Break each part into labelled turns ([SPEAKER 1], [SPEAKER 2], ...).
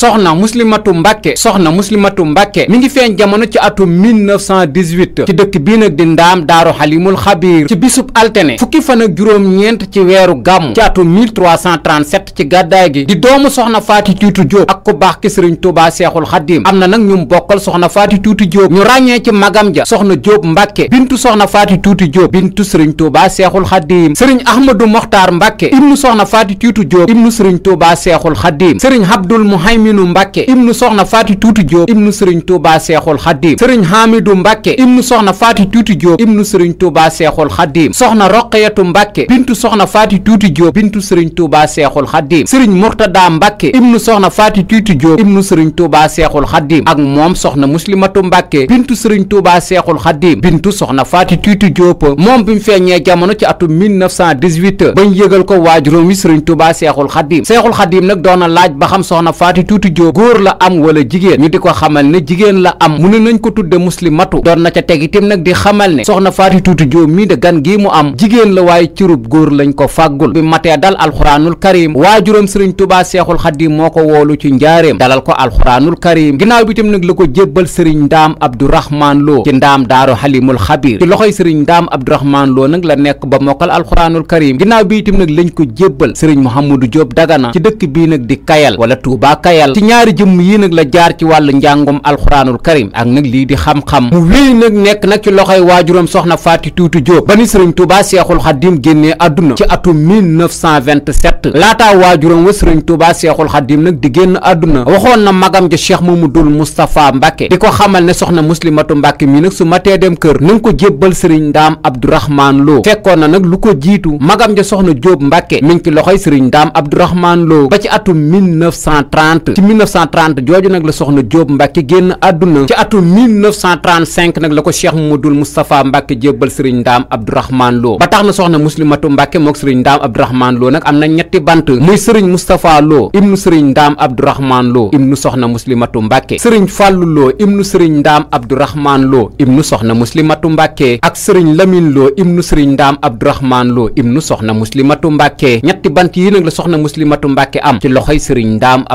[SPEAKER 1] soxna muslimatu mbàkke soxna muslimatu mbàkke mi ngi feeñ jamono ci atum 1918 ci dëkk bii nag di ndaam daaru xalimul xabiir ci bisub altene fukki fan ak juróom-ñeent ci weeru gàmm ci atum 1337 ci gàddaay gi di doomu soxna faati tuuti jóob ak ku baax ki sëriñ tubaa seexul xadiim am na nag ñum mbokkal soxna faati tuuti jóob ñu ràññee ci magam ja soxna jóob mbakke bintu soxna faati tuuti jóob bintu sëriñ tubaa seexul xadiim sëriñ ahmadu moxtaar mbàkke ibnu soxna faati tuuti jóob ibnu sëriñ tubaa seexul xadiim sëriñ abdul muhaymin Aminu Mbàkke ibnu soxna Faati Tuuti Jóob ibnu sëriñ Tuubaa Seexul Xaddiim sëriñ Xaamidu Mbàkke ibnu soxna Faati Tuuti Jóob ibnu sëriñ Tuubaa Seexul Xaddiim soxna Roqayatu Mbàkke bintu soxna Faati Tuuti Jóob bintu sëriñ Tuubaa Seexul Xaddiim sëriñ Murtada Mbàkke ibnu soxna Faati Tuuti Jóob ibnu sëriñ Tuubaa Seexul Xaddiim ak moom soxna Muslimatu Mbàkke bintu sëriñ Tuubaa Seexul Xaddiim bintu soxna Faati Tuuti Jóob moom bi mu feeñee jamono ci atum 1918 bañ yëgal ko waajuróom wi sëriñ Tuubaa Seexul Xaddiim Seexul Xaddiim nag doon na laaj ba xam soxna Faati Tuuti Tuuti Jóob góor la am wala jigéen ñu di ko xamal ne jigéen la am mu ne nañ ko tudde muslimatu doon na ca teg itam nag di xamal ne soxna Faati Tuuti Jóob mii de gan gii mu am jigéen la waaye cirub góor lañ ko fàggul bi matee dal alxuraanul karim waajuram sëriñ tubaa seexul xaddim moo ko woolu ci njaareem dalal ko alxuraanul karim ginnaaw bi itam nag la ko jébbal sëriñ ndaam abdourahmaan loo ci ndaam daaru xalimul xabir ci loxoy sëriñ ndaam abdourahmaan loo nag la nekk ba mokkal alxuraanul karim ginnaaw bi itam nag lañ ko jébbal sëriñ mouhamadou Jóob dagana ci dëkk bii nag di kayal wala tuubaa kayal ci ñaari jëmm yii nag la jaar ci wàllu njàngum alxuraanul karim ak nag lii di xam-xam mu wéy nag nekk nag ci loxoy waajuram soxna Faati Tuuti Jóob ba ni sëriñ Tuubaa Seexul Xadiim génnee àdduna ci atum 1927 laataa waajuram wa sëriñ Tuubaa Seexul Xadiim nag di génn àdduna waxoon na magam ja Cheikh Mamadul Moustapha Mbàkke di ko xamal ne soxna Muslimatu Mbàkke mi nag su ma dem kër na nga ko jébbal sëriñ Ndaam Abdourahmaan Lo fekkoon na nag lu ko jiitu magam ja soxna Jóob Mbàkke mi ngi ci loxoy sëriñ Ndaam Abdourahmaan Lo ba ci atum 1930 ci 1930 jooju nag la soxna Jóob Mbàkke génn àdduna ci atum 1935 nag la ko cheikh Modou Moustapha Mbàkke jébbal sëriñ Ndaam Abdourahman Lo ba tax na soxna Muslimatu Mbàkke mook sëriñ Ndaam Abdourahman Lo nag am na ñetti bant muy sëriñ Moustapha Lo ibnu sëriñ Ndaam Abdourahman Lo ibnu soxna Muslimatu Mbàkke sëriñ Fàllu Lo ibnu sëriñ Ndaam Abdourahman Lo ibnu soxna Muslimatu Mbàkke ak sëriñ Lamin Lo ibnu sëriñ Ndaam Abdourahman Lo ibnu soxna Muslimatu Mbàkke ñetti bant yi nag la soxna Muslimatu Mbàkke am ci loxoy sëriñ Ndaam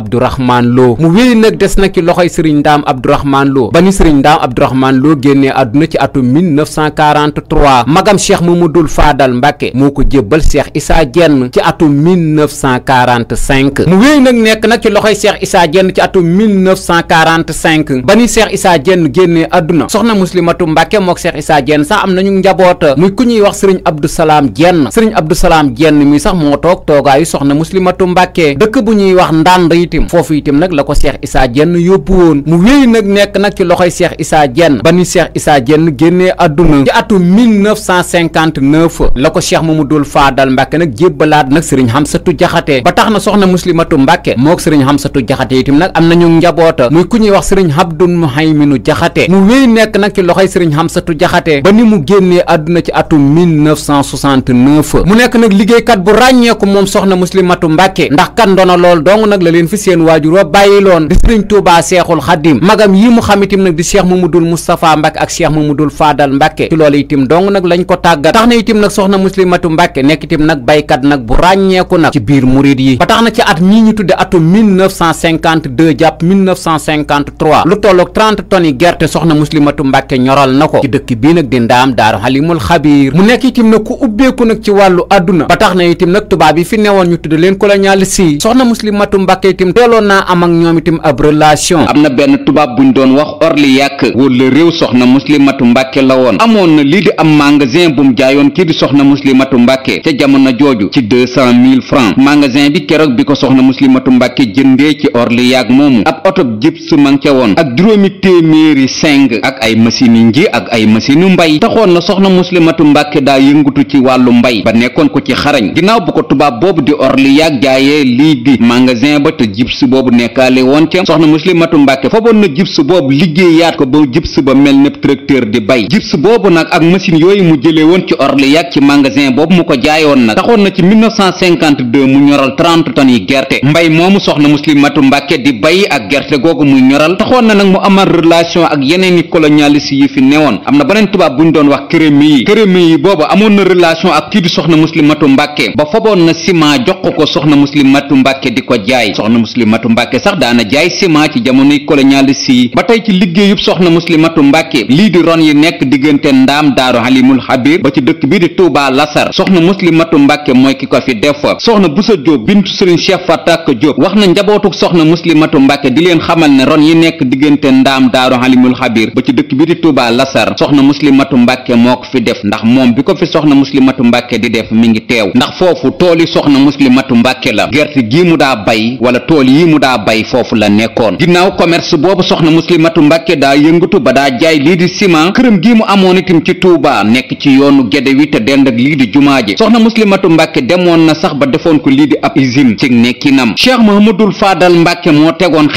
[SPEAKER 1] Abdourahmane Lo mu wéy nag des nag ci loxoy sëriñ Ndaam Abdourahmane Lo ba ni sëriñ Ndaam Abdourahmane Lo génnee àdduna ci atum 1943 magam cheikh Mamadul Faadal Mbàkke moo ko jébbal cheikh Issa Diène ci atum 1945 mu wéy nag nekk nag ci loxoy cheikh Issa Diène ci atum 1945 ba ni cheikh Issa Diène génnee àdduna soxna Muslimatu Mbàkke mook cheikh Issa Diène sax am nañu njaboota mu ku ñuy wax sëriñ Abdou Salaam Diène sëriñ Abdou Salaam Diène sax moo toog toogaayu soxna Muslimatu Mbàkke dëkk bu ñuy wax Ndànd itim foofu foofu itam nag la ko Cheikh Issa Diène yóbbu woon mu wéy nag nekk nag ci loxoy Cheikh Issa Diène ba ni Cheikh Issa Diène génnee àdduna ci atum 1959 la ko Cheikh Mamadou Fadal Mbàkke nag jébbalaat nag sëriñ Hamsatu Jaxate ba tax na soxna Muslimatu Mbàkke mook sëriñ Hamsatu Jaxate itam nag am nañu njaboota muy ku ñuy wax sëriñ Abdou Muhayminu Jaxate mu wéy nekk nag ci loxoy sëriñ Hamsatu Jaxate ba ni mu génnee àdduna ci atum 1969 mu nekk nag liggéeykat bu ràññeeku moom soxna Muslimatu Mbàkke ndax kan doona lool dong nag la leen fi seen waaju waajur wa bàyyiloon di sëriñ Tuubaa Seexul Xadim magam yi mu xam itam nag di Cheikh Mamadul Moustapha Mbacke ak Cheikh Mamadul Faadal Mbacke ci loolu itam dong nag lañ ko tàggat tax na itam nag soxna Muslimatu Mbacke nekk itam nag baykat nag bu ràññeeku nag ci biir murid yi ba tax na ci at mii ñu tudde atum 1952 jàpp 1953 lu tolloog 30 tonnes yi gerte soxna Muslimatu Mbacke ñoral na ko ci dëkk bii nag di ndaam daaru Halimul Xabiir mu nekk itam nag ku ubbeeku nag àdduna ba tax na itam nag tubaab yi fi newoon ñu tudde leen colonialiste yi na naa am ak ñoom itam ab relation am na benn tubaab ñu doon wax orli yàkk wala réew soxna muslimatu mbàkke la woon amoon na lii di am magasin bu mu jaayoon kii di soxna muslimatu mbàkke ca jamono jooju ci deux cent mille francs magasin bi keroog bi ko soxna muslimatu mbàkke jëndee ci orli yàgg moomu ab oto jib su mang ca woon ak juróomi téeméeri seng ak ay machine yi nji ak ay machine yu mbay taxoon na soxna muslimatu mbàkke daa yëngutu ci wàllu mbay ba nekkoon ko ci xarañ ginnaaw bu ko tubaab boobu di orli yàgg jaayee lii di magasin ba te jib su boobu nekkaale woon ca soxna muslimatu mbàkke faboon na gips boobu liggéeyaat ko ba gips ba mel ne tracteur di bay gips boobu nag ak machine yooyu mu jëlee woon ci Orliac ci magasin boobu mu ko jaayoon nag taxoon na ci 1952 mu ñoral 30 tonnes yi gerte mbay moomu soxna muslimatu mbàkke di bay ak gerte googu muy ñoral taxoon na nag mu amal relation ak yeneen i colonialiste yi fi newoon am na beneen tubaab bu ñu doon wax kërémi yi kërémi yi boobu amoon na mbàkke sax daana jaay ciment ci jamonoy colonialiste yi ba tey ci liggéeyub soxna muslimatu mbàkke lii di ron yi nekk diggante ndaam daaru halimul xabir ba ci dëkk bii di tuubaa lasar soxna muslimatu mbàkke mooy ki ko fi def soxna busa jóob bintu sëriñ cheikh fatak jóob wax na njabootuk soxna muslimatu mbàkke di leen xamal ne ron yi nekk diggante ndaam daaru halimul xabir ba ci dëkk bii di tuubaa lasar soxna muslimatu mbàkke moo ko fi def ndax moom bi ko fi soxna muslimatu mbàkke di def mi ngi teew ndax foofu tooli soxna muslimatu mbàkke la gerte gii mu daa bay wala tool yi mu daa bay foofu la nekkoon ginnaaw commerce boobu soxna muslimatu mbàkke daa yëngatu ba daa jaay lii di ciment këram gii mu amoon itam ci tuubaa nekk ci yoonu gede wi te dend ak lii di jumaa ji soxna muslimatu mbàkke na sax ba defoon ko lii di ab usine ci nekkinam cheikh mahamadul faadal mbàkke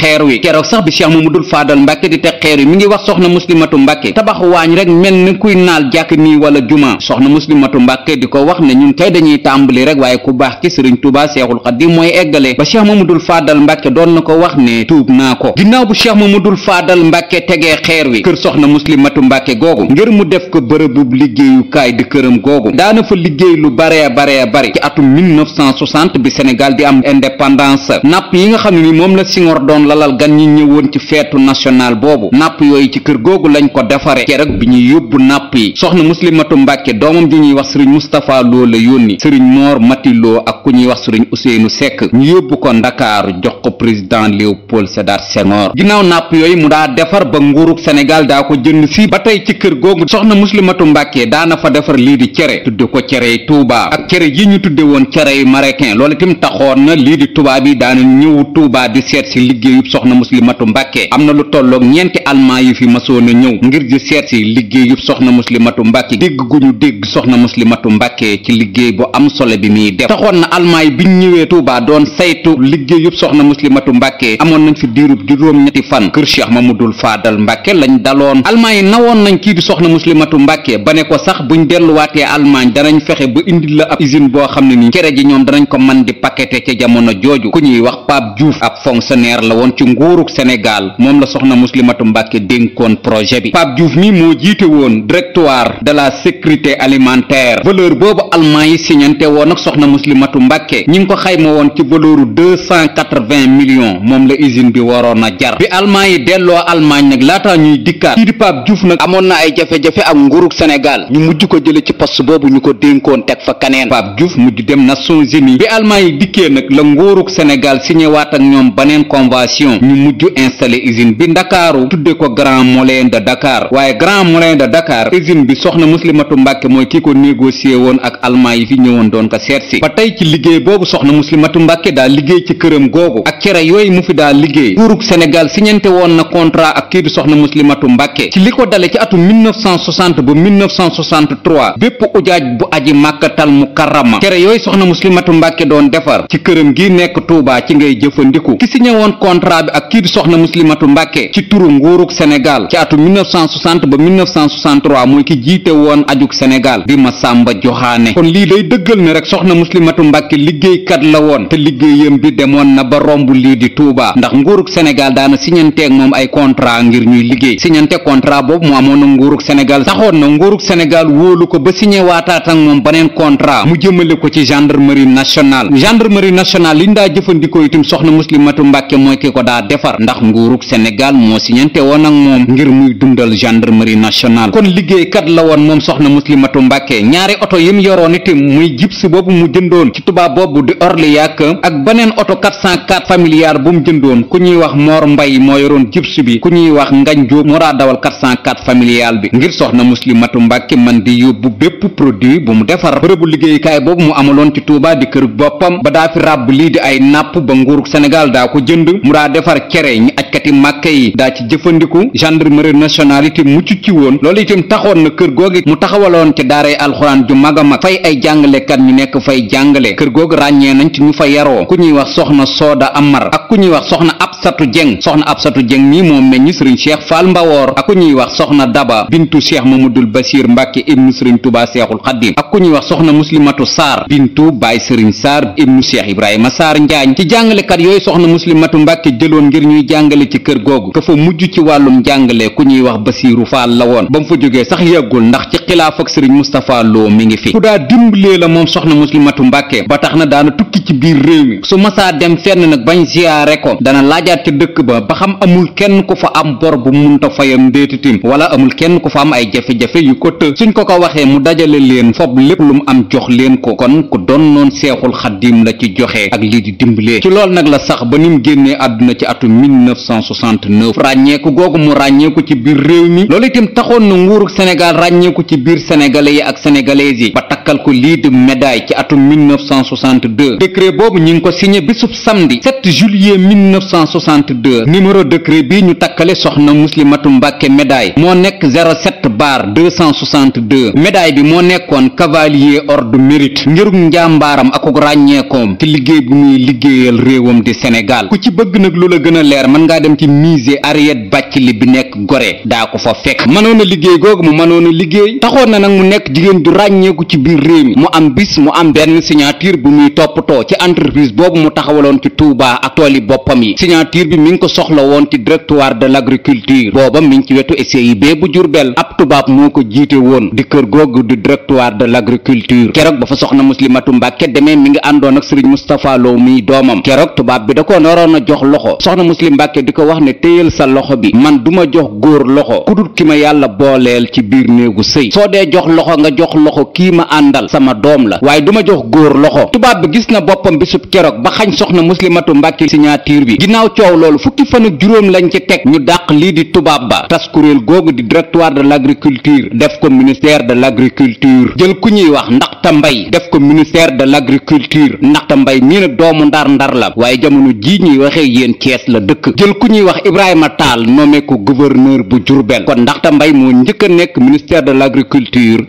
[SPEAKER 1] xeer wi keroog sax bi cheikh mahamadul faadal mbàkke di teg xeer wi mi ngi wax soxna muslimatu mbàkke tabax waañ rek mel ni kuy naal jàkk nii wala juma soxna muslimatu mbàkke di ko wax ne ñun kay dañuy tàmbali rek waaye ku baax ki sëriñ tuubaa seexul xadim mooy eggale ba cheikh mahamadul faadal mbàkke doon na ko wax ne tuub naa ko ginnaaw bu mu dul faadal mbàkke tegee xeer wi kër soxna muslimatu mbàkke googu ngir mu def ko bërëbub liggéeyukaay di këram googu daana fa liggéey lu bare bare bare ci atum 1960 bi sénégal di am indépendance napp yi nga xam ne ni moom la Senghor doon lalal gan ñi ñëwoon ci feetu national boobu napp yooyu ci kër googu lañ ko defare keroog bi ñu yóbbu napp yi soxna muslimatu mbàkke doomam ji ñuy wax sëriñ mustapha loo la yónni sëriñ moor matiloo ak ku ñuy wax sëriñ useynu sekk ñu yóbbu ko ndakaaru président Léopold Sédar Senghor ginnaaw napp yooyu mu daa defar ba nguurug Sénégal daa ko jënd si ba tey ci kër googu soxna muslimatu Mbàkke daana fa defar lii di cere tudde ko cerey Touba ak cere yi ñu tudde woon cere marocain loolu itam taxoon na lii di tubaab yi daana ñëw Touba di seet si liggéeyub soxna muslimatu Mbàkke am na lu tolloog ñeenti almaa yi fi masoon a ñëw ngir di seet si liggéeyub soxna muslimatu Mbàkke dégg gu ñu dégg soxna muslimatu Mbàkke ci liggéey bu am solo bi Fatimatu Mbàkke amoon nañ fi diirub juróom-ñetti fan kër Cheikh Mamadul Faadal Mbàkke lañ daloon almaañ yi nawoon nañ kii di soxna Muslimatu Mbàkke ba ne ko sax buñ delluwaatee almaañ danañ fexe ba indil la ab usine boo xam ne nii cere ji ñoom danañ ko man di paqueté ca jamono jooju ku ñuy wax Pape Diouf ab fonctionnaire la woon ci nguuruk Sénégal moom la soxna Muslimatu Mbàkke dénkoon projet bi Pape Diouf mi moo jiite woon directoire de la sécurité alimentaire valeur boobu almaañ yi signante woon ak soxna Muslimatu Mbàkke ñi ngi millions moom la usine bi waroon a jar bi almaañ yi delloo almaañ nag laataa ñuy dikkaat kii di Pape nag amoon na ay jafe-jafe ak nguurug Sénégal ñu mujj ko jële ci poste boobu ñu ko dénkoon teg fa kaneen Pape Diouf mujj dem Nations Unies bi almaañ yi dikkee nag la nguurug Sénégal signewaat ak ñoom baneen convention ñu mujj installé usine bi Ndakaaru tudde ko Grand Moulin de Dakar waaye Grand Moulin de Dakar usine bi soxna Muslimatu Mbàkke mooy kii ko négocié woon ak almaañ yi fi ñëwoon doon ko seet si ba tey ci liggéey boobu soxna Muslimatu Mbàkke daa liggéey ci këram kere yooyu mu fi daa liggéey nguurug Sénégal siñente woon na contrat ak kii soxna muslimatu Mbàkke ci li ko dale ci atum ba 1963 bépp ujaaj bu aji màkkatal mukarrama kere yooyu soxna muslimatu Mbàkke doon defar ci këram gi nekk Touba ci ngay jëfandiku ki siñe woon contrat bi ak kii soxna muslimatu Mbàkke ci turu nguurug Sénégal ci atum ba 1963 mooy ki jiite woon ajug Sénégal di Masamba Joxaane kon lii day dëggal ne rek soxna muslimatu Mbàkke liggéeykat la woon te lii di Touba ndax nguurug Sénégal daana siñanteeg moom ay contrat ngir ñuy liggéey siñante contrat boobu mu amoon na nguurug Sénégal saxoon na nguurug Sénégal wóolu ko ba signé waataat ak moom beneen contrat mu jëmale ko ci gendarmerie nationale gendarmerie nationale liñ daa jëfandikoo itam soxna Muslimatu Mbàkke mooy ki ko daa defar ndax nguurug Sénégal moo siñante woon ak moom ngir muy dundal gendarmerie nationale kon liggéeykat la woon moom soxna Muslimatu Mbàkke ñaari oto yim yoroon itam muy jibs boobu mu jëndoon milliards bu mu jëndoon ku ñuy wax Mor Mbay moo yoroon jibs bi ku ñuy wax Ngañ Jóob moo daa dawal 404 bi ngir soxna Muslimatu Mbàkke man di yóbbu bépp produit bu mu defar bërëbu liggéeykaay boobu mu amaloon ci Tuubaa di kër boppam ba daa fi ràbb lii di ay nàpp ba nguurug Sénégal daa ko jënd mu daa defar cere ñi ajkati màkke yi daa ci jëfandiku gendarmerie nationale itam mucc ci woon loolu itam taxoon na kër googi mu taxawaloon ci daaray alxuraan ju a mag fay ay jàngalekat ñu nekk fay jàngale kër googu Amar ak ku ñuy Absatu Jeng soxna Absatu Jeng mi moo meññ sëriñ Cheikh Fall Mbawoor ak ku ñuy wax soxna Daba bintu Cheikh Mamadul Basiir Mbàkke ibnu sëriñ Tuubaa Seexul Xaddim ak ku ñuy wax soxna Muslimatu Saar bintu bàyyi Sëriñ Saar ibnu Cheikh Ibrahima Saar Njaañ ci jàngalekat yooyu soxna Muslimatu Mbàkke jëloon ngir ñuy jàngale ci kër googu ka fa mujj ci wàllum jàngale ku ñuy wax Basiiru Faal la woon ba mu fa jógee sax yàggul ndax ci xilaaf ak sëriñ Mustapha Lo mi ngi fi ku daa dimbalee la moom soxna Muslimatu Mbàkke ba tax na daana tukki ci biir réew mi su masaa dem fenn nag bañ ziyaare ko dana laaj laajaat ca dëkk ba xam amul kenn ku fa am bor bu munta fayam ndéetitim wala amul kenn ku fa am ay jafe-jafe yu ko të suñ ko ko waxee mu dajale leen fob lépp lu mu am jox leen ko kon ku doon noon seexul xaddiim la ci joxe ak lii di dimbalee ci lool nag la sax ba nim génnee àdduna ci atum 1969 ràññeeku googu mu ràññeeku ci biir réew mi loolu itam taxoon na nguuru Sénégal ràññeeku ci biir sénégalais yi ak sénégalaises yi ba takkal ko lii di médaille ci atum 1962 décret boobu ñi ngi ko signé bisub samedi 7 juillet 1962 numéro décret bi ñu takkale soxna muslimatu mbàkke médaille moo nekk 07 bar 262 médaille bi moo nekkoon cavalier ordre mérite ngirug njàmbaaram akuk ràññeekoom ci liggéey bu muy liggéeyal réewam di Sénégal ku ci bëgg nag lu la gën a leer man ngaa dem ci musée Henriette Bathily bi nekk Gorée daa ko fa fekk mënoon liggéey googu mu mënoon liggéey taxoon na nag mu nekk jigéen du ràññeeku ci réew mi mu am bis mu am benn signature bu muy toppatoo ci entreprise boobu mu taxawaloon ci Touba ak tooli boppam yi signature bi mi ngi ko soxla woon ci directoire de l'agriculture booba mi ngi ci wetu SCIB bu Jurbel ab tubaab moo ko jiite woon di kër googu du directoire de l'agriculture keroog ba fa soxna Muslimatu Mbàkke demee mi ngi àndoon ak Serigne Moustapha Lo muy doomam keroog tubaab bi da ko naroon a jox loxo soxna Muslim Mbàkke di ko wax ne téyal sa loxo bi man duma jox góor loxo ki ma yàlla booleel ci biir néegu sëy àndal sama doom la waaye duma jox góor loxo tubaab bi gis na boppam bisub keroog ba xañ soxna muslimatu mbàkke signature bi ginnaaw coow loolu fukki fan ak juróom lañ ci teg ñu dàq lii di tubaab ba tas kuréel googu di directoire de l'agriculture def ko ministère de l'agriculture jël ku ñuy wax ndax Ndaxta Mbay def ko ministère de l'agriculture Ndaxta Mbay mii nag doomu ndar ndar la waaye jamono jii ñuy waxee yéen Cees la dëkk jël ku ñuy wax Ibrahima Tall nommé ko gouverneur bu Jurbel kon Ndaxta njëkk nekk ministère de l'agriculture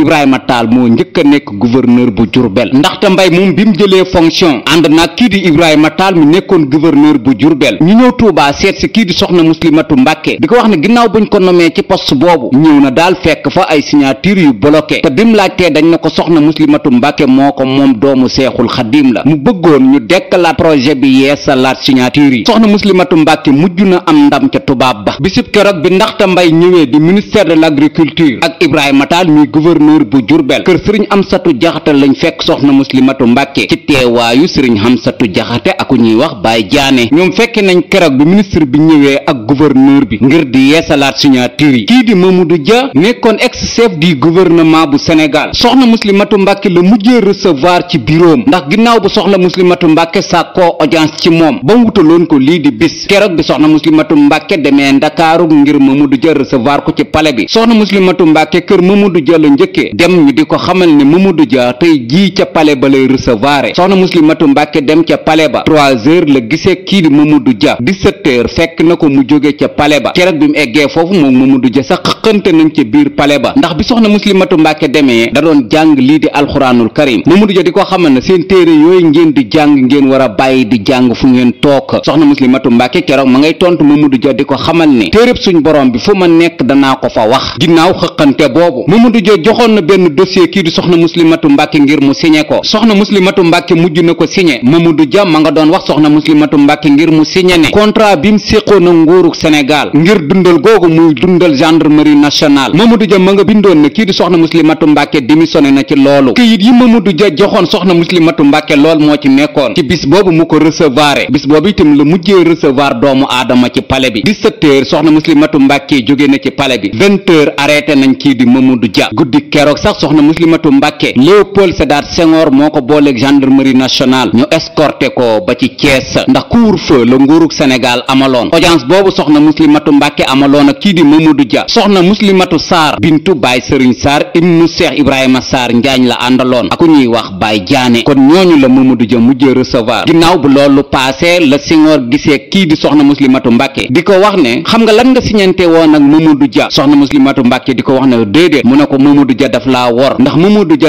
[SPEAKER 1] nekk gouverneur bu Diourbel ndaxte Mbaye moom bi jëlee fonction ànd naag kii di Ibrahima mi nekkoon gouverneur bu Diourbel ñu ñëw Touba seet si kii di soxna Muslimatu Mbàkke di ko wax ne ginnaaw buñ ko nomee ci poste boobu ñëw na daal fekk fa ay signature yu bloqué te bi laajtee dañ na ko soxna Muslimatu Mbàkke moo ko moom doomu Seexul Xadim la mu bëggoon ñu dekkalaat projet bi yeesalaat signature yi soxna Muslimatu Mbàkke mujj na am ndam ca tubaab ba bisib keroog bi ndaxte Mbaye ñëwee di ministère de l'agriculture ak Ibrahima Tall muy gouverneur xamsatu jaxate lañ fekk soxna muslimatu mbàkke ci teewaayu sëriñ xamsatu jaxate ak ñuy wax baay jaane ñoom fekke nañ keroog bi ministre bi ñëwee ak gouverneur bi ngir di yeesalaat signature yi kii di Mamadou Dia nekkoon ex chef du gouvernement bu Sénégal soxna muslimatu mbàkke la mujjee recevoir ci biroom ndax ginnaaw bu soxla muslimatu mbàkke sàkkoo audience ci moom ba wutaloon ko lii di bis keroog bi soxna muslimatu mbàkke demee ndakaaru ngir Mamadou Dia recevoir ko ci palais bi soxna muslimatu mbàkke kër Mamadou Dia la njëkkee dem ñu di ko xamal Mamadou Dia tey jii ca palais ba lay recevoir e. soxna muslimatu Mbàkke dem ca palais ba trois heures la gisee kii di Mamadou Dia dix-sept heures fekk na ko mu jóge ca pale ba keroog bi mu eggee foofu moom mu Mamadou Dia sax xëqante nañ ca biir palais ba ndax bi soxna muslimatu Mbàkke demee da doon jàng lii di alxuraanul karim Mamadou Dia di ko xamal ne seen téere yooyu ngeen di jàng ngeen war a bàyyi di jàng fu ngeen toog soxna muslimatu Mbàkke keroog ma ngay tontu Mamadou Dia di ko xamal ne téereb suñ borom bi fu ma nekk danaa ko fa wax ginnaaw xëqante boobu muslimatu mbàkke ngir mu signé ko soxna muslimatu mbàkke mujj na ko signé mamadou dia ma nga doon wax soxna muslimatu mbàkke ngir mu signé ne contrat bi mu séqoon ak nguuru sénégal ngir dundal googu muy dundal gendarmerie nationale mamadou dia ma nga bindoon ne kii di soxna muslimatu mbàkke démissionné na ci loolu këyit yi mamadou dia joxoon soxna muslimatu mbàkke lool moo ci nekkoon ci bis boobu mu ko recevoir bis boobu itam la mujjee recevoir doomu aadama ci palais bi 17 heures soxna muslimatu mbàkke jóge na ci palais bi 20 heures arrêté nañ kii di mamadou dia guddi keroog sax soxna muslimatu mbàkke Mbàkke Léopold Sédar Senghor moo ko booleeg gendarmerie nationale ñu escorté ko ba ci Thiès ndax couvre-feu la nguurug Sénégal amaloon audience boobu soxna Muslimatu Mbàkke amaloon ak kii di mu Mamadou Dia soxna Muslimatu Sarr bintu Baye Serigne Sarr ibnu Cheikh Ibrahima saar Njaañ la àndaloon ak ku ñuy wax baay Diané kon ñooñu la mu Mamadou Dia mujjee recevoir ginnaaw bu loolu passé la Senghor gisee kii di soxna Muslimatu Mbàkke di ko wax ne xam nga lan nga siñante woon ak Mamadou Dia soxna Muslimatu Mbàkke di ko wax ne mu ne ko Mamadou Dia daf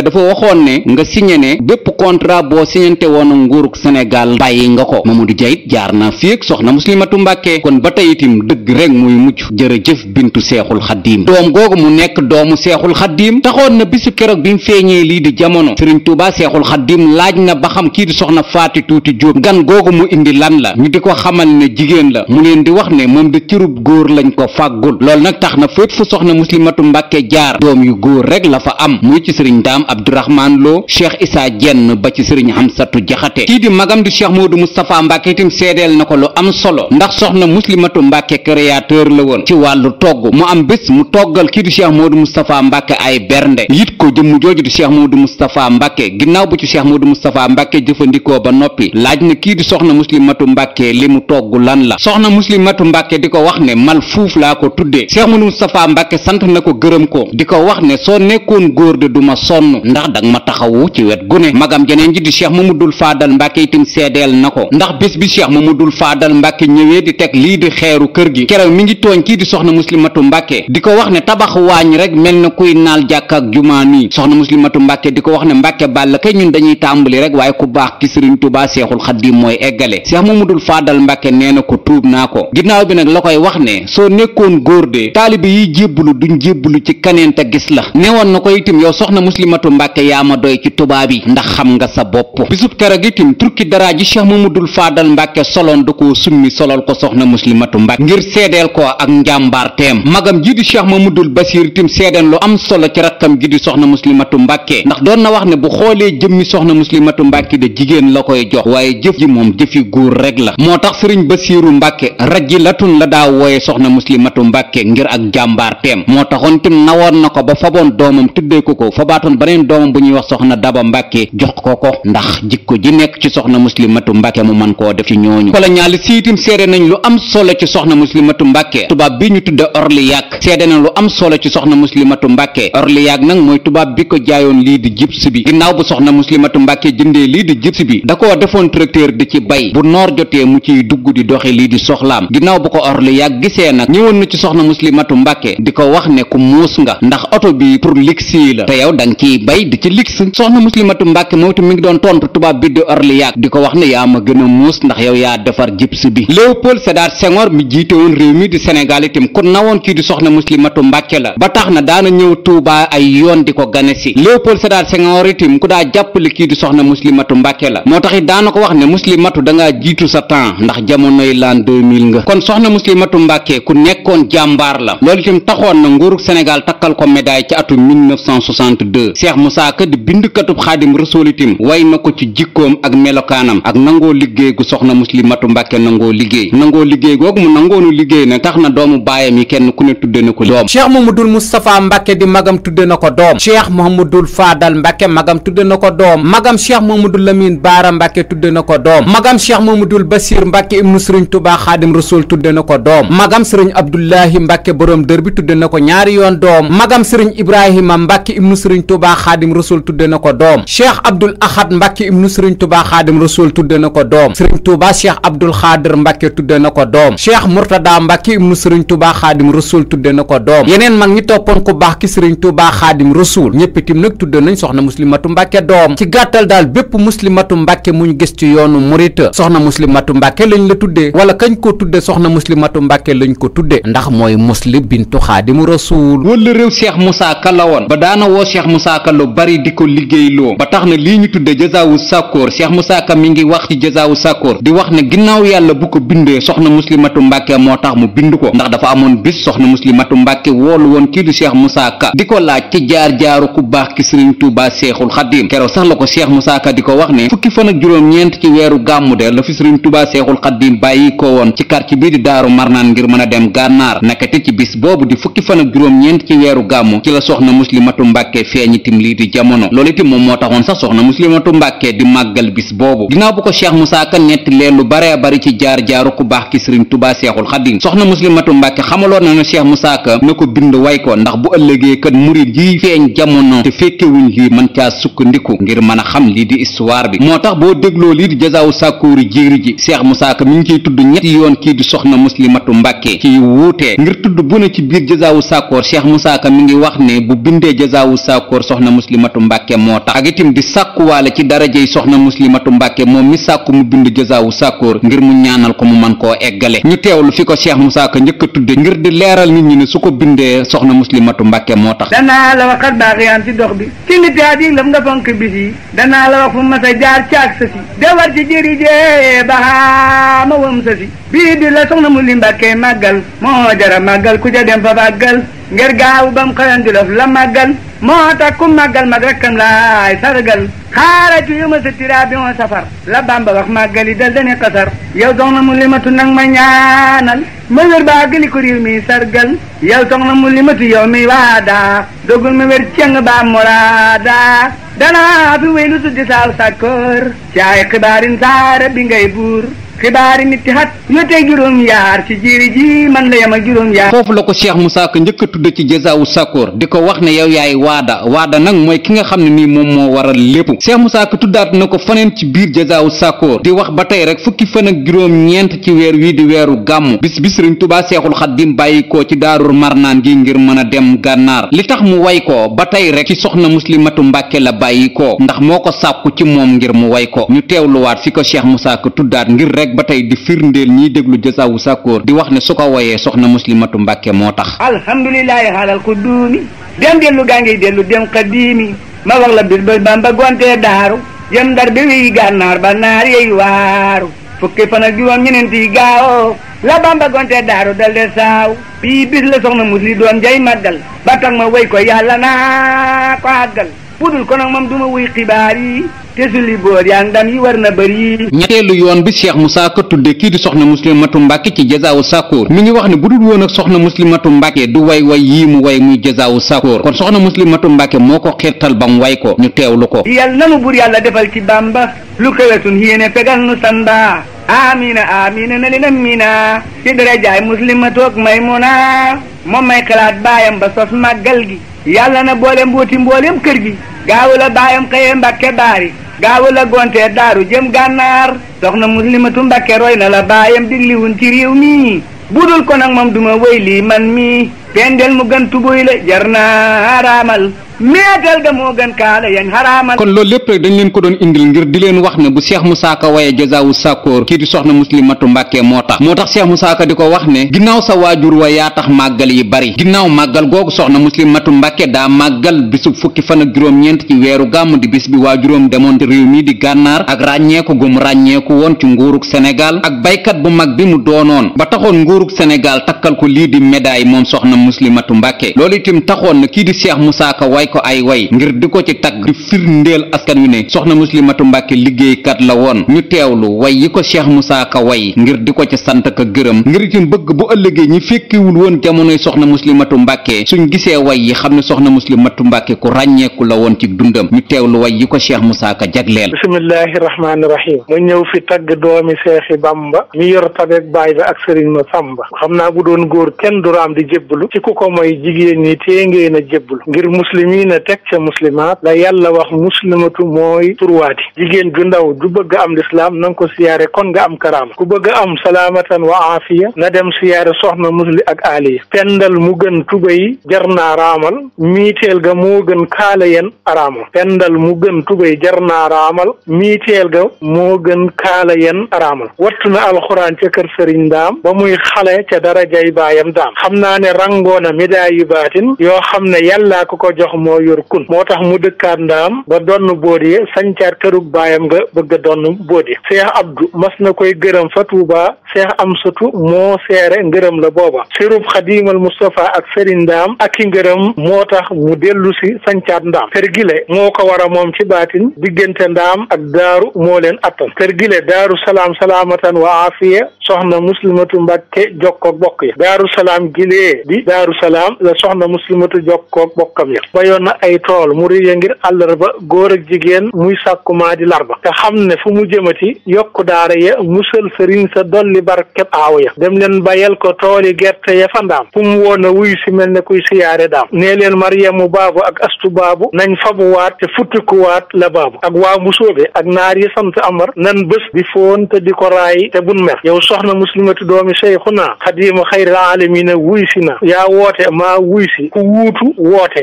[SPEAKER 1] nga dafa waxoon ne nga signé ne bépp contrat boo signante woon nguurug Sénégal bàyyi nga ko Mamadou Dia it jaar naa fii ak soxna Muslimatu Mbàkke kon ba tey dëgg rek muy mucc jëf bintu seexul xaddiim doom googu mu nekk doomu seexul xaddiim taxoon na bisu keroog bi mu feeñee lii di jamono Serigne Touba seexul xaddiim laaj na ba xam kii di soxna Faati Tuuti Jóob gan googu mu indi lan la ñu di ko xamal ne jigéen la mu leen di wax ne moom di cërub góor lañ ko fàggul loolu nag tax na fépp fu soxna Muslimatu Mbàkke jaar doom yu góor rek la fa am muy ci Daam abdourahman loo cheikh isaa jenn ba ci sëriñ xamsatu jaxate kii di magam di cheikh moodu moustapha mbàkke itam seedeel na ko lu am solo ndax soxna muslimatu mbàkke créateur la woon ci wàllu togg mu am bés mu toggal kii di cheikh moodu moustapha mbàkke ay bernde yit ko jëmm jooju di cheikh moodu moustapha mbàkke ginnaaw bu ci cheikh moodu moustapha mbàkke jëfandikoo ba noppi laaj na kii di soxna muslimatu mbàkke li mu togg lan la soxna muslimatu mbàkke di ko wax ne mal fuuf laa ko tuddee cheikh moodu moustapha mbàkke sant na ko gërëm ko di ko wax ne soo nekkoon góor de duma sonn ko ndax danga ma taxawu ci wet gune magam jeneen ji di ma cheikh mamadul faadal mbàkke itam seedeel na ko ndax bés bi ma cheikh mamadul faadal mbàkke ñëwee di teg lii di xeeru kër gi kerew mi ngi tooñ kii di soxna muslimatu mbàkke di ko wax ne tabax waañ rek mel na kuy naal jàkk ak jumaa nii soxna muslimatu mbàkke di ko wax ne mbàkke bàll kay ñun dañuy tàmbali rek waaye ku baax ki sëriñ tubaa seexul xaddim mooy eggale cheikh dul faadal mbàkke nee na ko tuub naa ko ginnaaw bi nag la koy wax ne soo nekkoon góor de taalibe yi jébbalu duñ jébbalu ci kaneen gis la Faatu Mbàkke yaa ma doy ci tubaab yi ndax xam nga sa bopp bisub keroog itim turki daraa ji Cheikh Mamadul Faadal Mbàkke soloon da koo summi solol ko soxna muslimatu Mbàkke ngir seedeel ko ak njàmbaarteem magam ji di Cheikh Mamadul Basiir itim am solo ci rakkam gi di soxna muslimatu Mbàkke ndax doon na wax ne bu xoolee jëmmi soxna muslimatu Mbàkke de jigéen la koy jox waaye jëf ji moom jëfi góor rek la moo tax sëriñ Basiiru Mbàkke rajji latun la daa wooye soxna muslimatu Mbàkke ngir ak njàmbaarteem moo taxoon tim nawoon na ko ba faboon doomam tuddee ko ko fabaatoon beneen doomam bu ñuy wax soxna daba mbàkke jox ko ko ndax jikko ji nekk ci soxna muslimatu mbàkke mu koo def ci ñooñu colonial siitim seede nañ lu am solo ci soxna muslimatu mbàkke tubaab bi ñu tudde orliyaak seede nañ lu am solo ci soxna muslimatu mbàkke orliyaak nag mooy tubaab bi ko jaayoon lii di jibs bi ginnaaw bu soxna muslimatu mbàkke jëndee lii di jibs bi da koo defoon tracteur di ci bay bu noor jotee mu ciy dugg di doxe lii di soxlaam ginnaaw bu ko orliyaak gisee nag ñëwoon na ci soxna muslimatu mbàkke di ko wax ne ku muus nga ndax oto bi pour ligsi la te yow dang ci bay di ci ligs soxna muslimatu mbàkke moom itam mi ngi doon tontu tubaab bi di Orliyaak di ko wax ne yaa ma gën a muus ndax yow yaa defar gips bi Léopold Sédar Senghor mi jiite woon réew mi di Sénégal itam ku nawoon kii di soxna muslimatu mbàkke la ba tax na daana ñëw Tuubaa ay yoon di ko gane si Léopold Sédar Senghor itam ku daa jàppale kii di soxna muslimatu mbàkke la moo tax it daana ko wax ne muslimatu danga jiitu sa temps ndax jamonoy laan 2000 nga kon soxna muslimatu mbàkke ku nekkoon jàmbaar la loolu itam taxoon na nguurug Sénégal takkal ko médaille ci atum 1962 Cheikh Moussa Ka di bindkatub xaadim rasulitim way na ko ci jikkoom ak melokaanam ak nangoo liggéey gu soxna muslimatu mbàkke nangoo liggéey nangoo liggéey googu mu nangoonu liggéey na tax na doomu baayam yi kenn ku ne tudde na ko doom Cheikh Mamadul Moustapha Mbàkke di magam tudde na ko doom Cheikh Mamadul Faadal Mbàkke magam tudde na ko doom magam Cheikh Mamadul Lamin Baara Mbàkke tudde na ko doom magam Cheikh Mamadul Basir Mbàkke ibnu Sëriñ Tuubaa xaadim rasul tudde na ko doom magam Sëriñ Abdullahi Mbàkke borom dër bi tudde na ko ñaari yoon doom magam Sëriñ Ibrahima Mbàkke ibnu Sëriñ xaadim rasul tudde na ko doom cheikh abdul ahad mbàkke ibnu sëriñ tubaa xaadim rasul tudde na ko doom sëriñ tubaa cheikh abdul xaadir mbàkke tudde na ko doom cheikh murtada mbàkke ibnu sëriñ tubaa xaadim rasul tudde na ko doom yeneen mag ñi toppoon ku baax ki sëriñ tubaa xaadim rasul ñépp itam nag tudde nañ soxna muslimatu mbàkke doom ci gàttal daal bépp muslimatu mbàkke muñ gis ci yoonu murita soxna muslimatu mbàkke lañ la tuddee wala kañ ko tudde soxna muslimatu mbàkke lañ ko tudde ndax mooy muslim bintu xaadimu rasul wala réew cheikh moussa ka la woon ba daana woo cheikh Ka lu bari di ko liggéeyloo ba tax na lii ñu tudde jazaawu sàkkoor Cheikh Moussa Ka mi ngi wax ci jazaawu sàkkoor di wax ne ginnaaw yàlla bu ko bindee soxna muslimatu mbàkke moo tax mu bind ko ndax dafa amoon bis soxna muslimatu mbàkke woolu woon kii du Cheikh Moussa Ka di ko laaj ci jaar-jaaru ku baax ki Sëriñ Tuubaa Seexul Xadiim kero sax la ko Cheikh Moussa Ka di ko wax ne fukki fan ak juróom-ñeent ci weeru gàmmu de la fi Sëriñ Tuubaa Seexul Xadiim bàyyi ko woon ci quartier bii di Daaru Marnaan ngir mën a dem gànnaar nakate ci bis boobu di fukki fan juróom-ñeent ci weeru la soxna muslimatu mbàkke atum lii di jamono loolu itam moom moo taxoon sax soxna muslimatu mbàkke di màggal bis boobu ginnaaw bu ko cheikh Moussa Ka netti leen lu bare bari ci jaar jaaru ku baax ki tubaa seexul xadim soxna muslimatu mbàkke xamaloon na ne cheikh Moussa Ka na ko bind way ko ndax bu ëllëgee kat murid yi feeñ jamono te fekkewuñ lii mën caa sukkandiku ngir mën a xam lii di histoire bi moo tax boo dégloo lii di jasaawu sàkkóori jiiri ji cheikh Moussa Ka mi ngi ciy tudd ñetti yoon kii di soxna muslimatu mbàkke ci wuutee ngir tudd bu ne ci biir jasaawu sàkkoor soxna muslimatu mbàkke moo tax ak itim di sàkkuwaale ci darajey soxna muslimatu mbàkke moom mi sàkku mu bind jësaawu sàkkoor ngir mu ñaanal ko mu man koo eggale ñu teewlu fi ko cheikh Moussa Ka njëkk a tudde ngir di leeral nit ñi ne su ko bindee soxna muslimatu mbàkke moo tax
[SPEAKER 2] danaa la waxat baaxiyaan ci dox bi ci litaat yi lam nga fonk bis yi danaa la wax fu mas a jaar caag sa si dewar ci jërijee baxaama wam sa si bii di la soxna muslim mbàkke màggal moo jara màggal ku ja dem fa màggal moo tax ku màggal mag sargal xaaraju yu ma sa tira bi moo safar la bamba wax màggali dal dane xasar yow soxna mu limatu nag ma ñaanal ma wér baa gëli ko réew mi sargal yow soxna mu limatu yow mi waada dogul ma wér ceng baa muraada danaa fi wéy lu tuddi saaw sàkkoor ci ay xibaarin saara bi ngay buur xibaari nit ki xat yotee juróom yaar ci jiiri ji man la yem juróom yaar foofu
[SPEAKER 1] la ko Cheikh Moussa Ka njëkk a tudd ci jazaawu sakoor di ko wax ne yow yaay waada waada nag mooy ki nga xam ne nii moom moo waral lépp Cheikh Moussa Ka tuddaat na ko faneen ci biir jazaawu sakoor di wax ba tey rek fukki fan ak juróom-ñeent ci weer wii di weeru gàmmu bis bi Sëriñ Tuubaa Seexul Xadiim bàyyi ko ci daarul marnaan gi ngir mën a dem gànnaar li tax mu way ko ba tey rek ci soxna muslimatu mbàkke la bàyyi ko ndax moo ko sàkku ci moom ngir mu way ko ñu teewluwaat fi ko Cheikh Moussa Ka tuddaat ngir rek ba tey di firndeel ñiy déglu jasaawu sàkkoor di wax ne su ko woyee soxna muslimatu mbàkke moo tax
[SPEAKER 2] alhamdulilahi xaalal quduumi dem dellu gaa ngi dellu dem qadiimi ma wax la bis ba bamba gontee daaru jëm ndar bi wiy gànnaar ba naar yey waaru fukki fan ak juróom ñeneenti gaawo la bamba gontee daaru dal de saaw bii bis la soxna musli doon jay màggal ba tax ma woy ko yàlla naa ko àggal pudul kon nag moom du ma wuy xibaar yi te suli yaa ndam yi war na bëri
[SPEAKER 1] ñetteelu yoon bi Cheikh Moussa Ka tudde kii di soxna muslimatu Mbàkke ci jazaawu sàkkoor mi ngi wax ne bu dul woon ak soxna muslimatu Mbàkke du way way yii mu way muy jazaawu sàkkoor kon soxna muslimatu Mbàkke moo
[SPEAKER 2] ko xirtal ba mu way ko
[SPEAKER 1] ñu teew teewlu ko
[SPEAKER 2] yàlla na mu bur yàlla defal ci Bàmba lu kawesun yéene fegal nu sanda amina amina na leen amina ci dara jaay muslimatoog may muna moom baayam ba sos gi yàlla na boole mbuuti mboolem kër gi gaawu la baayam xëyee mbakke baari gaawu la daaru jëm gànnaar soxna muslimatu mbakke roy na la baayam digliwun ci réew mii budul ko nag moom duma wéy lii man mi pendel mu gën tubuy la jar na araamal méegal ga moo kon loolu lépp rek dañ leen ko doon indil ngir di leen wax ne bu Cheikh Moussa Ka
[SPEAKER 1] waye jazaawu sàkkoor kii di soxna muslimatu Mbàkke moo tax moo tax Cheikh Moussa Ka di ko wax ne ginnaaw sa waajur wa yaa tax màggal yi bari ginnaaw màggal googu soxna muslimatu Mbàkke daa màggal bisub fukki fan ak juróom-ñeent ci weeru gàmmu di bis bi waajuróom demoon ci réew mi di gànnaar ak ràññeeku gum ràññeeku woon ci nguurug Sénégal ak baykat bu mag bi mu doonoon ba taxoon nguurug senegal takkal ko lii di médaille moom soxna muslimatu Mbàkke loolu itam taxoon na kii di Cheikh Moussa Ka way ko ay way ngir di ko ci tagg di firndeel askan wi ne soxna muslimatu mbàkke liggéeykat la woon ñu teewlu way yi ko cheikh Moussa Ka way ngir di ko ci sant ka gërëm ngir itam bëgg bu ëllëgee ñi fekkiwul woon jamonoy soxna muslimatu mbàkke suñ gisee way yi xam ne soxna muslimatu mbàkke ku ràññeeku la woon ci dundam ñu teewlu way yi ko cheikh Moussa Ka jagleel
[SPEAKER 3] bismillahi rahmaani rahim ma ñëw fi tagg doomi seexi bamba mi yor tabek baay bi ak sëriñ ma sàmba xam naa bu doon góor kenn du raam di jébbalu ci ku ko muminina teg ca muslimaat la yàlla wax muslimatu mooy turwaati jigéen ju ndaw ju bëgg am lislaam na nga ko siyaare kon nga am karaama ku bëgg am salaamatan wa aafiya na dem siyaare soxna musli ak aaliya pendal mu gën tubay jar naa raamal miiteel ga moo gën kaala yen araamal pendal mu gën tubay jar naa raamal miiteel ga moo gën kaala yen araamal wattu na alxuraan ca kër daam ba muy xale ca darajay baayam daam xam naa ne rangoona midaayi baatin yoo xam ne yàllaa moo yor kun moo tax mu dëkkaat ndaam ba donn boodi sancaat kërug baayam nga bëgg a donn boodi Cheikh Abdou mas na koy gërëm fa Tuuba Cheikh Amsatu moo seere ngërëm la booba sirub Xadimal mustafa ak Serigne Ndaam ak i ngërëm moo tax mu dellu si sancaat ndaam kër gile moo ko war a moom ci baatin diggante ndaam ak daaru moo leen attan kër gile daaru salaam salaamatan wa aafiya soxna muslimatu mbàkke jokkoog bokk ya daaru salaam gilee di daaru salaam la soxna yoon na ay tool murid ya ngir àllarba góor jigéen muy sàkkumaa di larba te xam ne fu mu jëmati yokku daara ya musal sëriñ sa dolli barkeb aaw ya dem leen bayal ko tooli gerte ya fandaam fu mu woon a wuy si mel ne kuy siyaare daam nee leen maryamu baabu ak astu baabu nañ waat te futtikuwaat la baabu ak waa musóobe ak naar yi sant amar nan bés di foon te di ko raay te bun mer yow soxna muslimati doomi seyxuna xadiima xayril aalamiina wuy si na yaa wuy si ku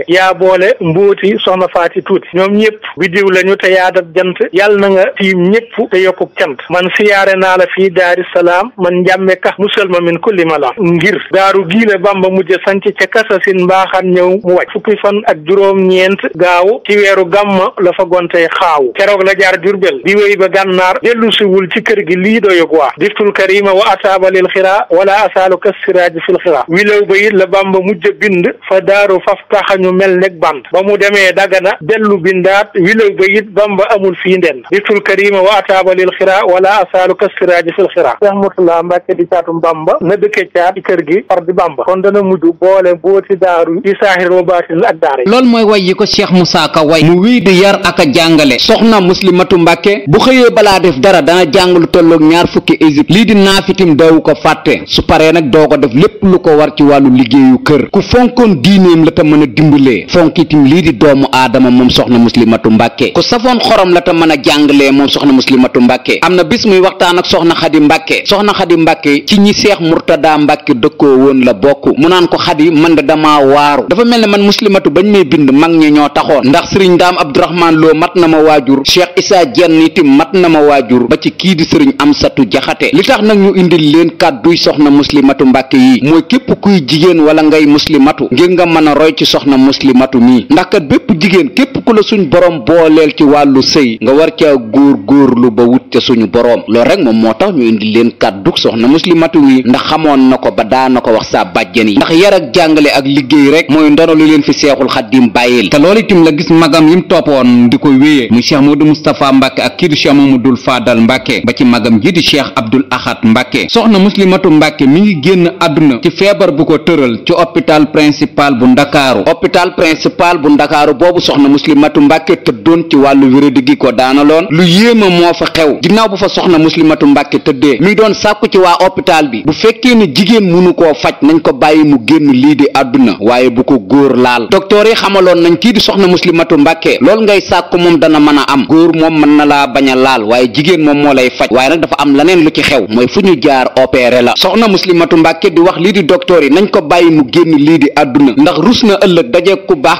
[SPEAKER 3] yaa boole mbuuti soxna faati tuuti ñoom ñëpp biddiw lañu te yaadab jant yàlla na nga tiim ñëpp te yokkub cant man siyaare naa la fii daari man njàmme ka musalma min kulli malam ngir daaru gii la bamba mujj sanc ca kasa sin mbaaxaan ñëw mu wàcc fukki fan ak juróom-ñeent gaaw ci weeru gàmma la fa gontee xaawu keroog la jaar jurbel di wéy ba gànnaar dellu siwul ci kër gi lii doyog waa diftul karima wa ataaba xiraa wala asaalu kas siraaji la bamba bant ba mu demee dagana dellu bindaat wilaw ba it bamba amul fii nden bitul karima wa ataaba lil xira wala asaalu kastiraji fil xira Cheikh Mourtala Mbàkke di caatum bamba na dëkke caat ci kër gi far di bamba kon dana mujj boole booti daaru yi saahir wa baatin
[SPEAKER 1] mooy way ko Cheikh Moussa Ka way mu wii di yar ak a jàngale soxna muslimatu Mbàkke bu xëyee balaa def dara dana jàng lu tolloog ñaar fukki Égypte lii di naafitim daw ko fàtte su paree nag doo ko def lépp lu ko war ci wàllu liggéeyu kër ku fonkoon diineem la ta mën a dimbalee nekkitim lii di doomu aadama moom soxna muslimatu mbàkke ku safoon xorom la te mën a jàngalee moom soxna muslimatu mbàkke am na bis muy waxtaan ak soxna xadi mbàkke soxna xadi mbàkke ci ñi seex murtada mbàkke dëkkoo woon la bokk mu naan ko xadi man de dama waaru dafa mel ne man muslimatu bañ may bind mag ñi ñoo taxoon ndax sëriñ daam abdourahman loo mat na ma waajur cheikh isaa jenn itim mat na ma waajur ba ci kii di sëriñ amsatu jaxate li tax nag ñu indil leen kàdduy soxna muslimatu mbàkke yi mooy képp kuy jigéen wala ngay muslimatu ngir nga a roy ci soxna muslimatu nii ndax kat bépp jigéen képp ku la suñ borom booleel ci wàllu sëy nga war ca góor góorlu ba wut ca suñu borom loolu rek moom moo tax ñu indi leen kàddu soxna muslimatu yi ndax xamoon na ko ba daana ko wax saa bàjjen yi ndax yar ak jàngale ak liggéey rek mooy ndono lu leen fi seexul xaddim bàyyil te loolu itam la gis magam yi mu toppoon di ko wéyee muy cheikh Modou Moustapha Mbacke ak kii di cheikh Mamadou Fadal Mbacke ba ci magam ji di cheikh Abdoul Ahad Mbacke soxna muslimatu Mbacke mi ngi génn àdduna ci feebar bu ko tëral ci hôpital principal bu Ndakaaru hôpital principal principal bu ndakaaru boobu soxna muslimatu mbàkke tëddoon ci wàllu wéradi gi ko daanaloon lu yéema moo fa xew ginnaaw bu fa soxna muslimatu mbàkke tëddee mi doon sàkku ci waa hôpital bi bu fekkee ni jigéen munu koo faj nañ ko bàyyi mu génn lii di àdduna waaye bu ko góor laal docteur yi xamaloon nañ kii di soxna muslimatu mbàkke lool ngay sàkku moom dana mën a am góor moom mën na laa bañ a laal waaye jigéen moom moo lay faj waaye nag dafa am laneen lu ci xew fu ñu jaar opéré la soxna muslimatu mbàkke di wax lii di docteur yi nañ ko bàyyi mu génn lii àdduna ndax rus na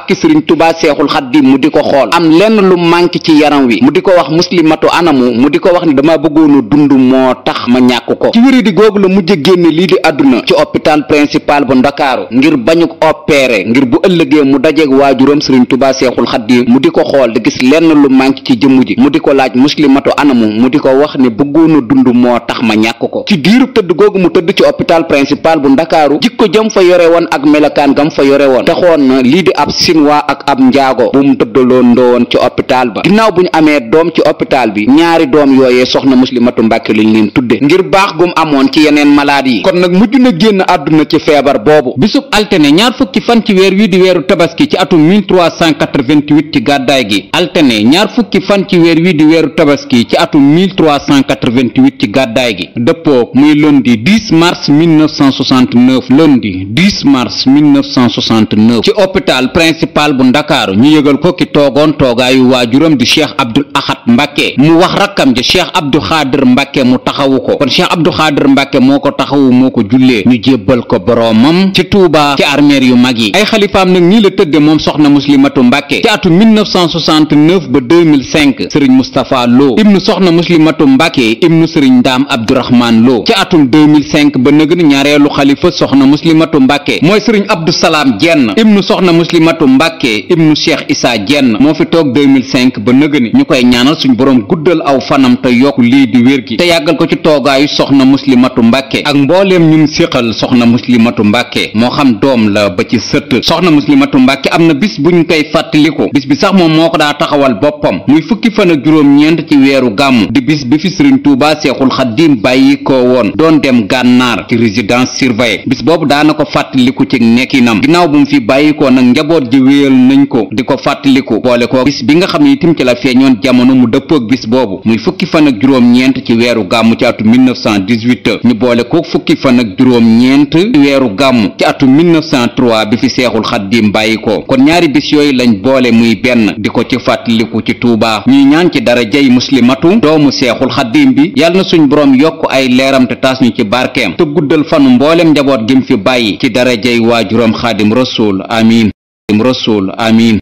[SPEAKER 1] barki sëriñ tubaa seexul xaddim mu di ko xool am lenn lu manqué ci yaram wi mu di ko wax muslimatu anamu mu di ko wax ni dama bëggoon a dund moo tax ma ñàkk ko ci wéri di googu la mujj génne lii di àdduna ci hôpital principal bu ndakaaru ngir bañu opéré ngir bu ëllëgee mu dajeeg waajuram sëriñ tubaa seexul xaddim mu di ko xool di gis lenn lu manqué ci jëmm ji mu di ko laaj muslimatu anamu mu di ko wax ne bëggoon a dund moo tax ma ñàkk ko ci diiru tëdd googu mu tëdd ci hôpital principal bu ndakaaru jikko jëm fa yore woon ak melokaan gam fa yore woon taxoon na lii di ab waa ak ab njaago bu mu tëddaloon ndoowoon ci hôpital ba ginnaaw bu ñu amee doom ci hôpital bi ñaari doom yooyee soxna muslimatu mbàkke lañ leen tudde ngir baax gum amoon ci yeneen malade yi kon nag mujj na génn àdduna ci feebar boobu bisub altene ñaar fukki fan ci weer wii di weeru tabaski ci atum 1388 ci gàddaay gi altene ñaar fukki fan ci weer wi di weeru tabaski ci atum 1388 ci gàddaay gi dëppook muy lundi 10 mars 1969 lundi 10 mars 1969 ci hôpital prince municipal bu ndakaaru ñu yëgal ko ki toogoon toogaayu waajuram di cheikh abdul ahad mbàkke mu wax rakkam ja cheikh abdou xaadir mbàkke mu taxawu ko kon cheikh abdou xaadir mbàkke moo ko taxawu moo ko jullee ñu jébbal ko boroomam ci tuubaa ci armeer yu mag yi ay xalifaam nag ñii la tëdde moom soxna muslimatu mbàkke ci atu
[SPEAKER 3] 1969
[SPEAKER 1] ba 2005 sëriñ mustapha lo ibnu soxna muslimatu mbàkke ibnu sëriñ ndaam abdourahman lo ci atum 2005 ba nëgën ñaareelu xalifa soxna muslimatu mbàkke mooy sëriñ abdou salaam jenn ibnu soxna muslimatu Mbàkke ibnu Cheikh Issa Diène moo fi toog 2005 ba nëgëni ñu koy ñaanal suñ boroom guddal aw fanam te yokk lii di wér gi te yàggal ko ci toogaayu soxna muslimatu Mbàkke ak mbooleem ñun séqal soxna muslimatu Mbàkke moo xam doom la ba ci sëtt soxna muslimatu Mbàkke am na bis buñ koy fàttaliku bis bi sax moom moo ko daa taxawal boppam muy fukki fan ak juróom-ñeent ci weeru gàmmu di bis bi fi sëriñ Tuubaa Seexul Xaddiim bàyyi ko woon doon dem gànnaar ci résidence surveillée bis boobu daana ko fàttaliku ci nekkinam ginnaaw bu mu fi bàyyi ko nag njaboot ji di wéyal nañ ko di ko fàttaliku boole ko bis bi nga xam ne itam ci la feeñoon jamono mu dëppoog bis boobu muy fukki fan ak juróom-ñeent ci weeru gàmm ci atu 1918 ñu boole ko fukki fan ak juróom-ñeent weeru gàmm ci atu 1903 bi fi seexul xaddiim bàyyi ko kon ñaari bis yooyu lañ boole muy benn di ko ci fàttaliku ci Tuubaa ñuy ñaan ci dara jay muslimatu doomu seexul xaddiim bi yàlla na suñ boroom yokk ay leeram te taas ñu ci barkeem te guddal fanu mboolem njaboot gim fi bàyyi ci dara jay waajuram xaadim rasul amin رسول آمين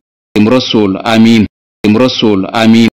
[SPEAKER 1] رسول آمين رسول آمين